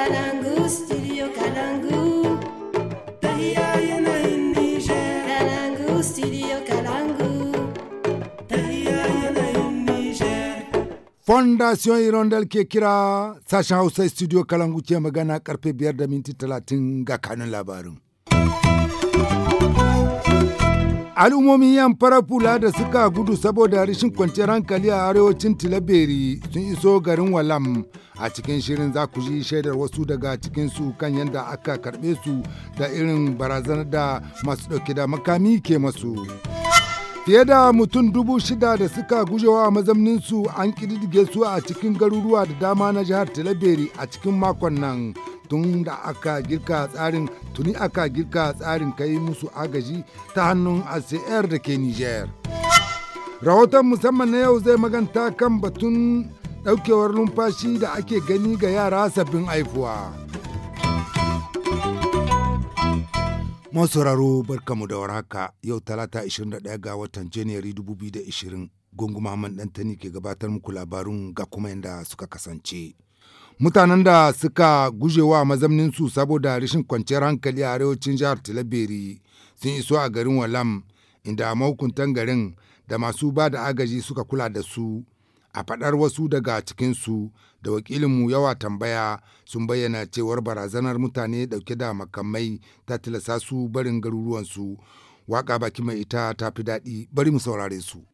Kalangu, Fondation irondel ke kira sashen Hausa studio Kalangu ce magana karfe biyar da minti talatin ga kanun labarin. al'ummomin yan farar da suka gudu saboda rashin kwanciyar hankali a arewacin tilaberi sun iso garin walam a cikin shirin za ku ji shaidar wasu daga cikinsu kan yadda aka karɓe su da irin barazanar da masu ɗauke da makami ke masu fiye da mutum dubu shida da suka gujewa mazamninsu an ƙididdige su a cikin garuruwa da dama na jihar Talabere a cikin makon nan tun da aka girka tsarin tuni aka girka tsarin kai musu agaji ta hannun acr da ke niger rahoton musamman na yau zai maganta kan batun ɗaukewar numfashi da ake gani ga yara sabbin haifuwa masauraro barkamu da warhaka yau talata 21 ga watan janairu 2020 gungu muhammad dantani ke gabatar muku labarun ga kuma yadda suka kasance mutanen da suka gujewa mazamninsu saboda rashin kwanciyar hankali a arewacin jihar talabiri sun iso a garin walam inda mahukuntan garin da masu ba da agaji suka kula da su a faɗar wasu daga cikinsu da wakilinmu yawa tambaya sun bayyana cewar barazanar mutane ɗauke da makamai ta tilasa su barin garuruwansu waƙa baki mai ita ta fi daɗi bari mu saurare su.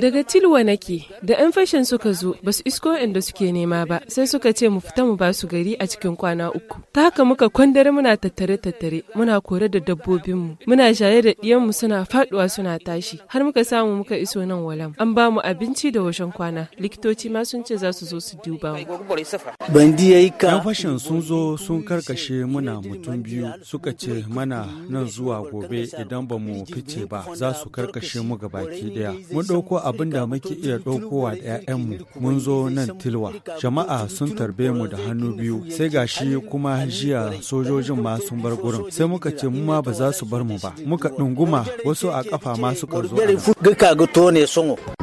Daga tilwa nake, da 'yan fashin suka zo, ba su isko inda suke nema ba, sai suka ce mu fita mu ba su gari a cikin kwana uku. Ta haka muka kwandare muna tattare-tattare, muna kore da dabbobinmu, muna shaye da ɗiyanmu suna faduwa suna tashi, har muka samu muka iso nan walam. An ba mu abinci da washen kwana, likitoci ma sun ce za su zo su duba mu. 'Yan fashin sun zo sun karkashe muna mutum biyu, suka ce mana nan zuwa gobe idan ba mu fice ba, za su karkashe karkashin mu ga daya mun ɗauko abin da muke iya ɗaukowa da mu mun zo nan tilwa jama'a sun tarbe mu da hannu biyu sai gashi kuma jiya sojojin ma sun bar gurin sai muka ce mu ma ba za su bar mu ba muka dunguma wasu a kafa ma suka zo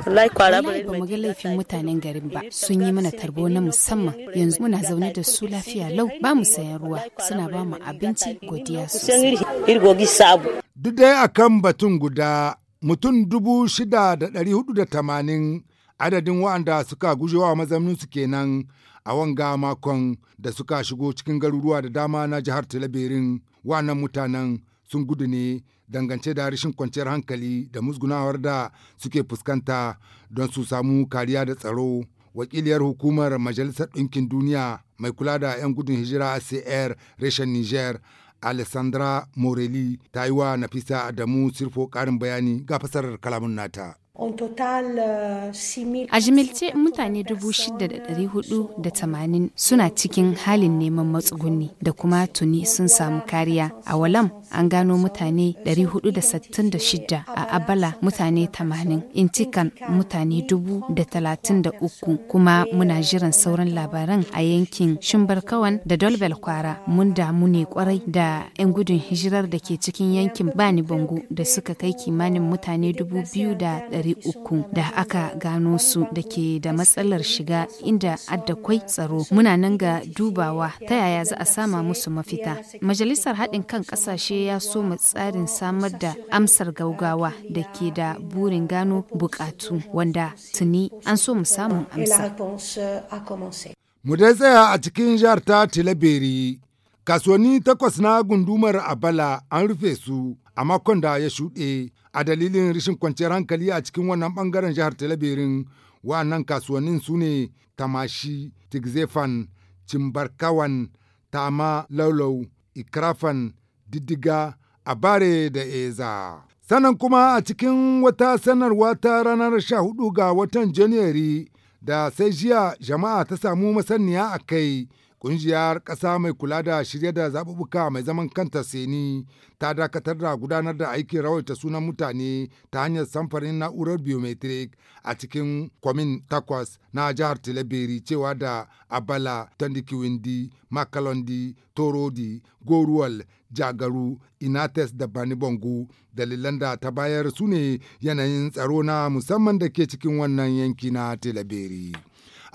wallahi kwara ba mu ga laifin mutanen garin ba sun yi mana tarbo na musamman yanzu muna zaune da su lafiya lau ba mu sayan ruwa suna ba mu abinci godiya sosai duk dai akan batun guda mutum dubu shida da ɗari hudu da tamanin adadin wa'anda suka gujewa mazauninsu kenan a wanga makon da suka shigo cikin garuruwa da dama na jihar talabirin wannan mutanen sun gudu ne dangance da rashin kwanciyar hankali da musgunawar da suke fuskanta don su samu kariya da tsaro wakiliyar hukumar majalisar ɗinkin duniya mai kula da 'yan gudun hijira acr reshen niger Alessandra Morelli ta yi wa Nafisa Adamu Sirfo ƙarin bayani ga fasarar kalamun nata. Eh, a jimilce mutane 6,480 suna cikin halin neman matsuguni da kuma tuni sun samu kariya. A Walam an gano mutane 466 a Abala mutane 80, Intikan mutane 33 kuma muna jiran sauran labaran a yankin Shimbarkawan da Dolbel Kwara. Mun damu ne kwarai da 'yan gudun hijirar da ke cikin yankin Bani Bango da suka kai kimanin mutane 2,000 uku da aka gano su da ke da matsalar shiga inda kwai tsaro muna nan ga dubawa ta yaya za a sama musu mafita majalisar haɗin kan ƙasashe ya so mu tsarin samar da amsar gaugawa da ke da burin gano bukatu wanda tuni an so mu samun amsa mu dai tsaya a cikin jihar ta tilaberi kasuwanni takwas na gundumar abala an rufe su a makon da ya shuɗe a dalilin rashin kwanciyar hankali a cikin wannan bangaren jihar talabirin wa'annan kasuwannin su ne tamashi tigzefan cimbarkawan tama laulau ikrafan diddiga bare da eza sannan kuma a cikin wata sanarwa ta ranar 14 ga watan janairu da sai jiya jama'a ta samu masaniya a kai Ƙungiyar ƙasa mai kula da shirya da zaɓuɓɓuka mai zaman kanta Seni ta dakatar da gudanar da aikin rawaita sunan mutane ta hanyar samfarin na'urar biometric a cikin kwamin takwas na jihar Tilaberi cewa da Abala, Tandikiwindi, Makalondi, Torodi, Goruwal, Jagaru, Inates da Bani Bongo. Dalilan da ta bayar su ne yanayin tsaro na musamman da ke cikin wannan yanki na Tilaberi.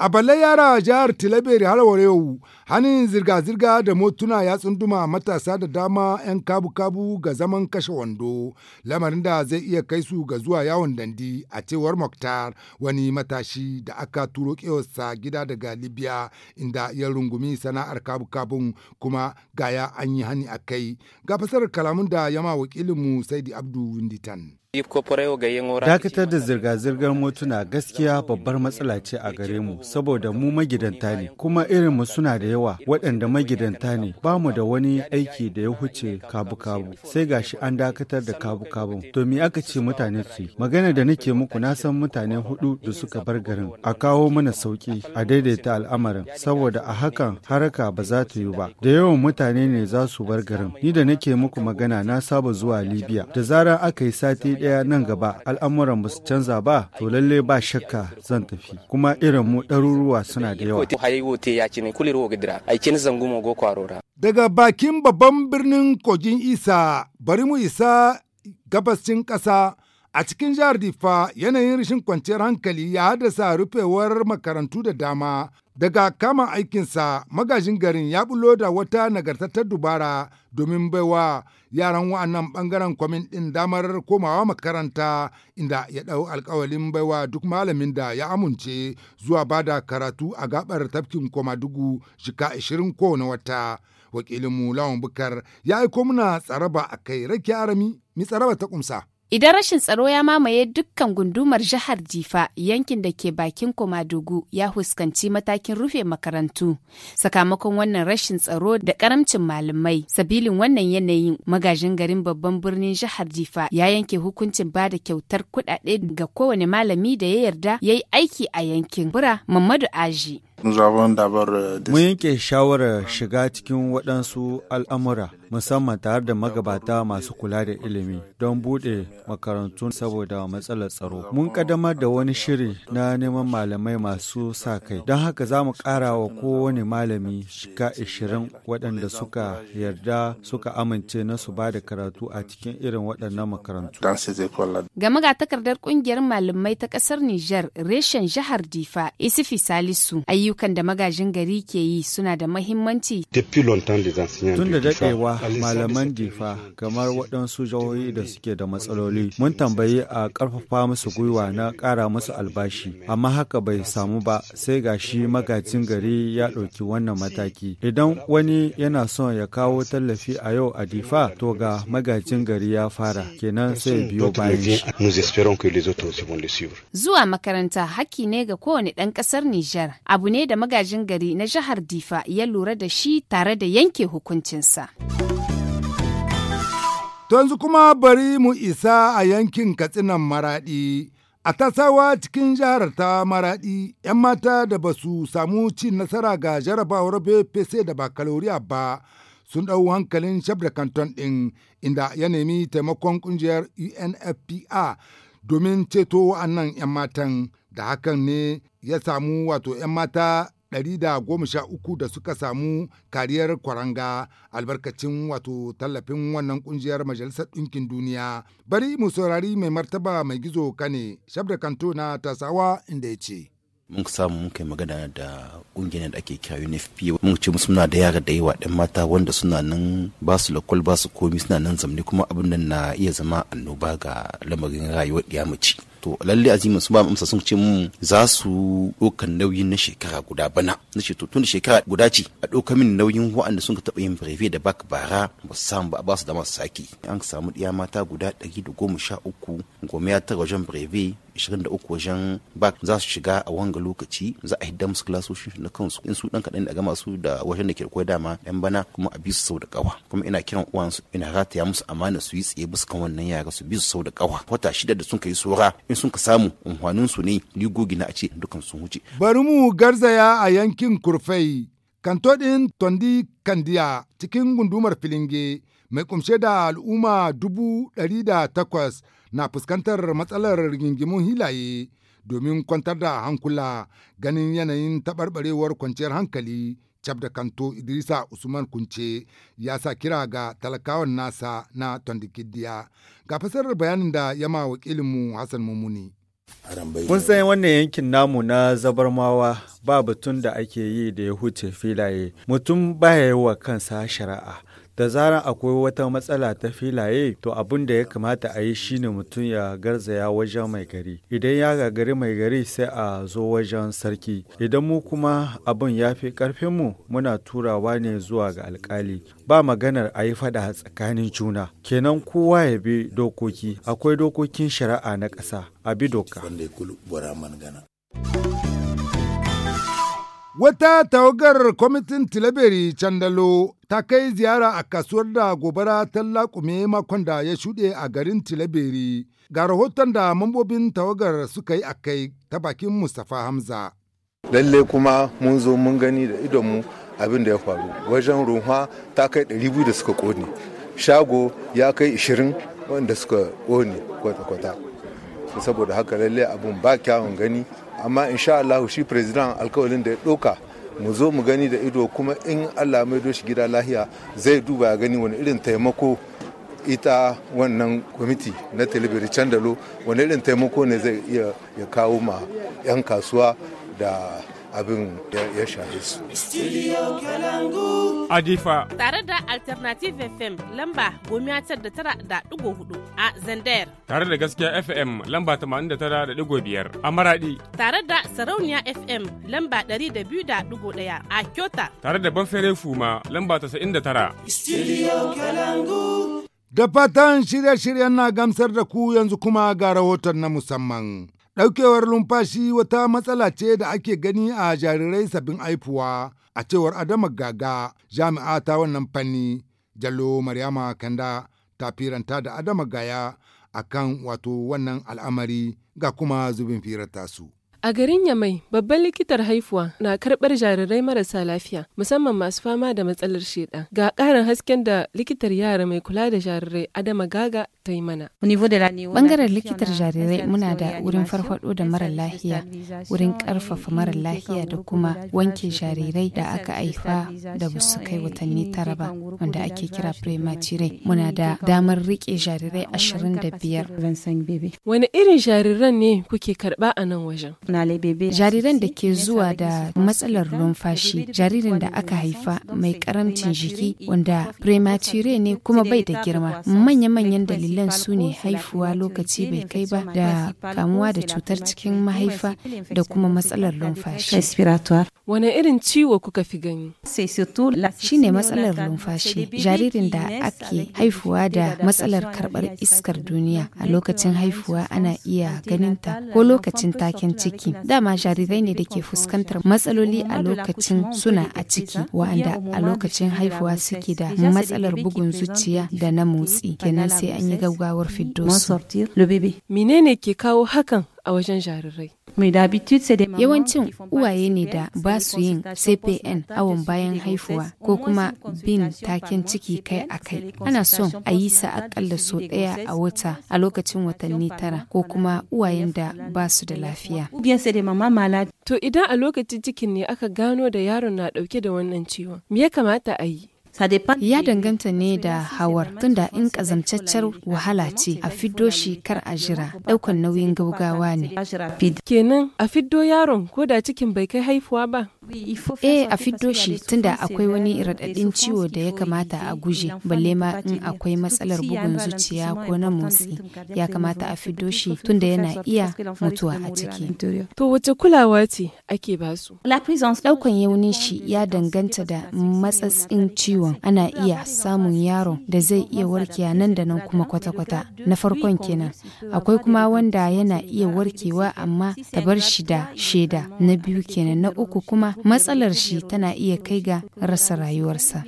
A balle yara jihar Tilaberi har ware yau hannun zirga-zirga da motuna ya tsunduma matasa da dama 'yan kabu-kabu ga zaman kashe wando lamarin da zai iya kai su ga zuwa yawon dandi a cewar Moktar wani matashi da aka turo kewarsa gida daga Libya inda ya rungumi sana'ar kabu-kabun kuma gaya an yi hani a kai ga fasar kalamun da yama wakilinmu Saidi Abdu Winditan. Dakatar da zirga-zirgar motuna gaskiya babbar matsala ce a gare mu saboda mu magidanta ne kuma irin mu suna da yawa waɗanda magidanta ne ba mu da wani aiki da ya huce kabu-kabu sai gashi an dakatar da kabu-kabu to me aka ce mutane su magana da nake muku na san mutane hudu da suka bar garin a kawo mana sauki a daidaita al'amarin saboda a hakan haraka ba za ta yi ba da yawan mutane ne za su bar garin ni da nake muku magana na saba zuwa libya da zarar aka yi sati ɗaya nan gaba al'amuran ba su canza ba to lalle ba shakka zan tafi kuma irin mu ɗaruruwa suna da yawa. Daga bakin babban birnin kogin Isa bari mu isa cin ƙasa a cikin jihar difa yanayin rashin kwanciyar hankali ya haddasa rufewar makarantu da dama Daga kama aikinsa magajin garin ya bulo da wata nagartattar dubara domin baiwa yaran wa'annan bangaren kwamin ɗin damar komawa makaranta inda ya ɗau alkawalin baiwa duk malamin da ya amince zuwa bada karatu a gabar tafkin komadugu shika 20 kowane wata. Wakilinmu Lawan Bukar ya aiko muna tsaraba a kai rake arami, mi tsaraba ta kumsa. Idan rashin tsaro ya mamaye dukkan gundumar jihar Jifa yankin da ke bakin Komadugu ya huskanci matakin rufe makarantu. Sakamakon wannan rashin tsaro da karamcin malamai, sabilin wannan yanayin magajin garin babban birnin jihar Jifa ya yanke hukuncin ba da kyautar kudade ga kowane malami da ya yarda ya yi aiki a yankin. Bura Mamadu Aji. Eh, Mun yanke shawarar shiga cikin waɗansu al'amura, musamman tare da magabata masu kula da ilimi don buɗe makarantu saboda matsalar tsaro. Mun ƙaddamar da wani shiri na neman malamai masu sa kai, don haka za mu ƙara wa kowane malami shiga ishirin waɗanda suka yarda suka amince na su ba da karatu a cikin irin waɗannan makarantu. Game ga takardar ƙungiyar malamai ta ƙasar Nijar, reshen jihar Difa, Isifi Salisu, ayi ayyukan da magajin gari ke yi suna da mahimmanci. Tun da daɗewa malaman difa kamar waɗansu jihohi da suke da matsaloli mun tambayi a ƙarfafa musu gwiwa na ƙara musu albashi amma haka bai samu ba sai ga shi magajin gari ya ɗauki wannan mataki. Idan wani yana son ya kawo tallafi a yau a difa to ga magajin gari ya fara kenan sai biyo bayan shi. Zuwa makaranta haƙƙi ne ga kowane ɗan ƙasar Nijar abu ne ne da magajin gari na jihar Difa ya lura da shi tare da yanke hukuncinsa. To yanzu kuma bari mu isa a yankin Katsinan Maraɗi. A tasawa cikin jihar ta Maraɗi, ‘yan mata da ba su samu cin nasara ga jarabawar BPC da bakaloriya ba sun ɗau hankalin shabda kanton ɗin inda ya nemi taimakon ƙungiyar UNFPA domin ceto wa'annan ‘yan matan. da hakan ne ya samu wato 'yan mata 113 da goma sha uku da suka samu kariyar kwaranga albarkacin wato tallafin wannan kungiyar majalisar ɗinkin duniya bari mu saurari mai martaba mai gizo kane shabda kanto na tasawa inda ya ce mun samu mun kai magana da kungiyar da ake kira UNFP mun ce musu muna da yara da yawa ɗan mata wanda suna nan ba su lokal ba su komi suna nan zamne kuma abin nan na iya zama annoba ga lamarin rayuwar ya mace to lalle azimin su ba amsa sun ce mun za su ɗaukan nauyin na shekara guda bana na ce to tun da shekara guda ce a ɗauka min nauyin waɗanda sun taɓa yin brevet da bak bara ba su samu ba ba su da masu saki an samu ɗiya mata guda ɗari da goma sha uku goma ya wajen brevet 23 wajen bak za su shiga a wanga lokaci za a hidda musu kilasoshin na kansu in su dan kaɗan daga masu da wajen da ke koyar dama yan bana kuma a bi sau da kawa kuma ina kiran uwansu ina rataya musu amana su yi tsaye bisa kan wannan yara su bi su sau da kawa wata shida da sun kai sora in sun ka samu unhwanin su ne gogi na a ce dukan sun huce. bari mu garzaya a yankin kurfai kanto tondi kandiya cikin gundumar filinge mai kumshe da al'umma dubu ɗari da takwas na fuskantar matsalar rigingimun hilaye domin kwantar da hankula ganin yanayin taɓarɓarewar kwanciyar hankali cap da kanto idrisa usman kunce ya sa kira ga talakawan nasa na tondikidiya ga fasarar bayanin da ya ma wakilinmu hassan mummuni Kun san wannan yankin namu na zabarmawa ba batun da ake yi da ya huce filaye, mutum baya yi wa kansa shari'a. da zarar akwai wata matsala ta filaye to abin da ya kamata a yi shine mutum ya garzaya wajen mai gari idan ya gagari mai gari sai a zo wajen sarki idan mu kuma abin ya fi mu muna turawa ne zuwa ga alkali ba maganar a yi fada tsakanin juna kenan kowa ya bi dokoki akwai dokokin shari'a na ƙasa a bi doka Wata tawagar kwamitin Tilaberi Candalo ta kai ziyara a kasuwar da gobara ta laƙume makon da ya shuɗe a garin Tilaberi ga rahoton da mambobin tawagar suka yi a kai ta bakin Mustapha Hamza. Lalle kuma mun zo mun gani da idonmu abin da ya faru wajen runwa ta kai ɗari biyu da suka ƙone shago ya kai 20 wanda suka ƙone kwata-kwata saboda haka lalle abin ba kyawun gani amma insha Allah shi president alkawalin da ya ɗauka mu zo mu gani da ido kuma in Allah mai doshi gida lahiya zai duba ya gani wani irin taimako ita wannan kwamiti na talibiri can wani irin taimako ne zai iya ya kawo ma 'yan kasuwa da abin ya shafi su. Adifa. Tare da Alternative FM lamba gomiya tar da tara da digo hudu a Zandayar. Tare da gaskiya FM lamba tamanin da tara da digo biyar a Maradi. Tare da Sarauniya FM lamba ɗari da biyu da digo ɗaya a Kyota. Tare da Banfere Fuma lamba tasa'in da tara. Studio Kalangu. Da fatan shirye-shiryen na gamsar da ku yanzu kuma ga rahoton na musamman. Ɗaukewar lumfashi wata matsala ce da ake gani a jarirai sabbin aifuwa a cewar Adama Gaga jami'a ta wannan fanni Jallo Maryama Kanda ta firanta da Adama Gaya akan wato wannan al'amari ga kuma zubin firar tasu. A garin Yamai, babban likitar haifuwa na karɓar jarirai marasa lafiya, musamman masu fama da matsalar sheɗa. Ga ƙarin hasken da likitar yara mai kula da jarirai Adama Gaga ta yi mana. Bangaren likitar jarirai muna da wurin farfaɗo da mara lafiya, wurin ƙarfafa mara lafiya da kuma wanke jarirai da aka haifa da su kai watanni tara ba, wanda ake kira primatire. Muna da damar riƙe jarirai ashirin da biyar. Wani irin jariran ne kuke karɓa a nan wajen? Jariran da ke zuwa da matsalar numfashi, jaririn da aka haifa mai karamcin jiki wanda premature ne kuma bai da girma. Manya-manyan dalilan su ne haifuwa lokaci bai kai ba da kamuwa da cutar cikin mahaifa da kuma matsalar numfashi. Wane irin ciwo kuka fi gani? Shi ne matsalar numfashi, jaririn da ake haifuwa da matsalar karbar iskar duniya a lokacin haifuwa ana iya ganinta ko lokacin taken ciki. ciki dama jarirai ne da ke fuskantar matsaloli a lokacin suna a ciki wa'anda a lokacin haifuwa suke da matsalar bugun zuciya da na motsi kenan sai an yi gaggawar fiddo su menene ke kawo hakan a wajen jarirai. Yawancin uwaye ne da ba su yin CPN awon bayan haifuwa ko kuma bin taken ciki kai a kai. Ana son a yi sa akalla so ɗaya a wata a lokacin watanni tara ko kuma uwayen da ba su da lafiya. To idan a lokacin cikin ne aka gano da yaron na ɗauke da wannan ciwon, me ya kamata a yi? Ya danganta ne da hawar tunda in kazamtaccen wahala ce a fiddo shi kar a jira daukan nauyin gaugawa ne. Kenan a fiddo yaron ko da cikin bai kai haifuwa ba. Eh a fiddo shi tunda akwai wani raɗaɗin ciwo da ya kamata a guje balle ma in akwai matsalar bugun zuciya ko na motsi ya kamata a fiddo shi tunda yana iya mutuwa a ciki. To wace kulawa ce ake basu? Daukan yaunin shi ya danganta da matsatsin ciwon ana iya samun yaron da zai iya warkewa nan da nan kuma kwata-kwata na farkon kenan akwai kuma wanda yana iya warkewa amma ta bar shi da shaida na biyu kenan na uku kuma matsalar shi tana iya kai ga rasa rayuwarsa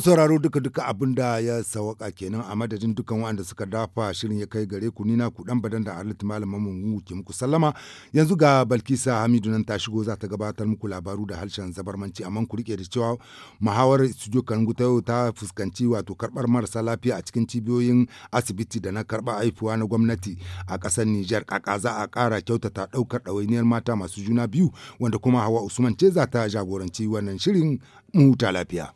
sauraro duka-duka abin da ya sawaka kenan a madadin dukan waɗanda suka dafa shirin ya kai gare ku nina ku dan badan da halittu malamin mu ke muku sallama yanzu ga balkisa hamidu nan ta shigo za ta gabatar muku labaru da harshen zabarmanci amma ku rike da cewa muhawar studio kangu ta ta fuskanci wato karbar marasa lafiya a cikin cibiyoyin asibiti da na karba haifuwa na gwamnati a ƙasar Nijar kaka za a ƙara kyautata ɗaukar ɗawainiyar mata masu juna biyu wanda kuma Hawa Usman ce za ta jagoranci wannan shirin mu ta lafiya.